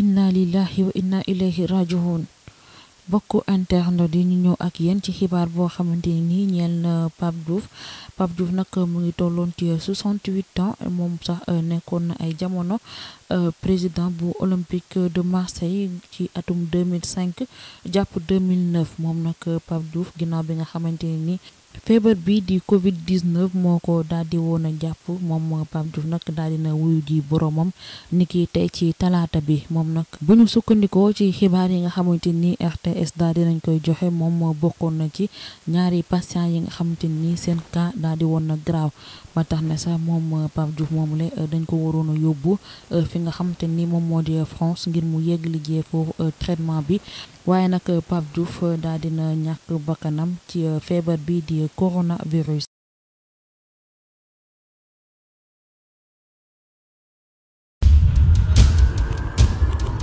inna lillahi wa inna ilayhi rajiun bokk internet yi ñu ñëw ak yéen ci xibaar boo xamante ni ñeel na Pape Diouf Pape Diouf nag mu ngi tolloon ci 68 ans moom sax euh, nekkoon na ay jamono euh, président bu olympique de Marseille ci atum 2005 jàpp 2009 moom nag Pape Diouf ginnaaw bi nga xamante nii feebar bi di covid 19 moo ko daal di woon a jàpp moom Pape Diouf nag daal na wuyu ji boromam ni ki tey ci talaata bi moom nag bu ñu sukkandikoo ci xibaar yi nga xamante ni RTS daal nañ koy joxe moom moo bokkoon na ci ñaari patient yi nga xamante ni seen cas daal di woon na grave ba tax na sax moom Pape moom le euh, dañ ko waroon a yóbbu euh, fi nga xamante ni moom moo di France ngir mu yegg liggéey foofu euh, traitement bi waaye nag Pape Diouf daal dina ñàkk bakkanam ci feebar bi coronavirus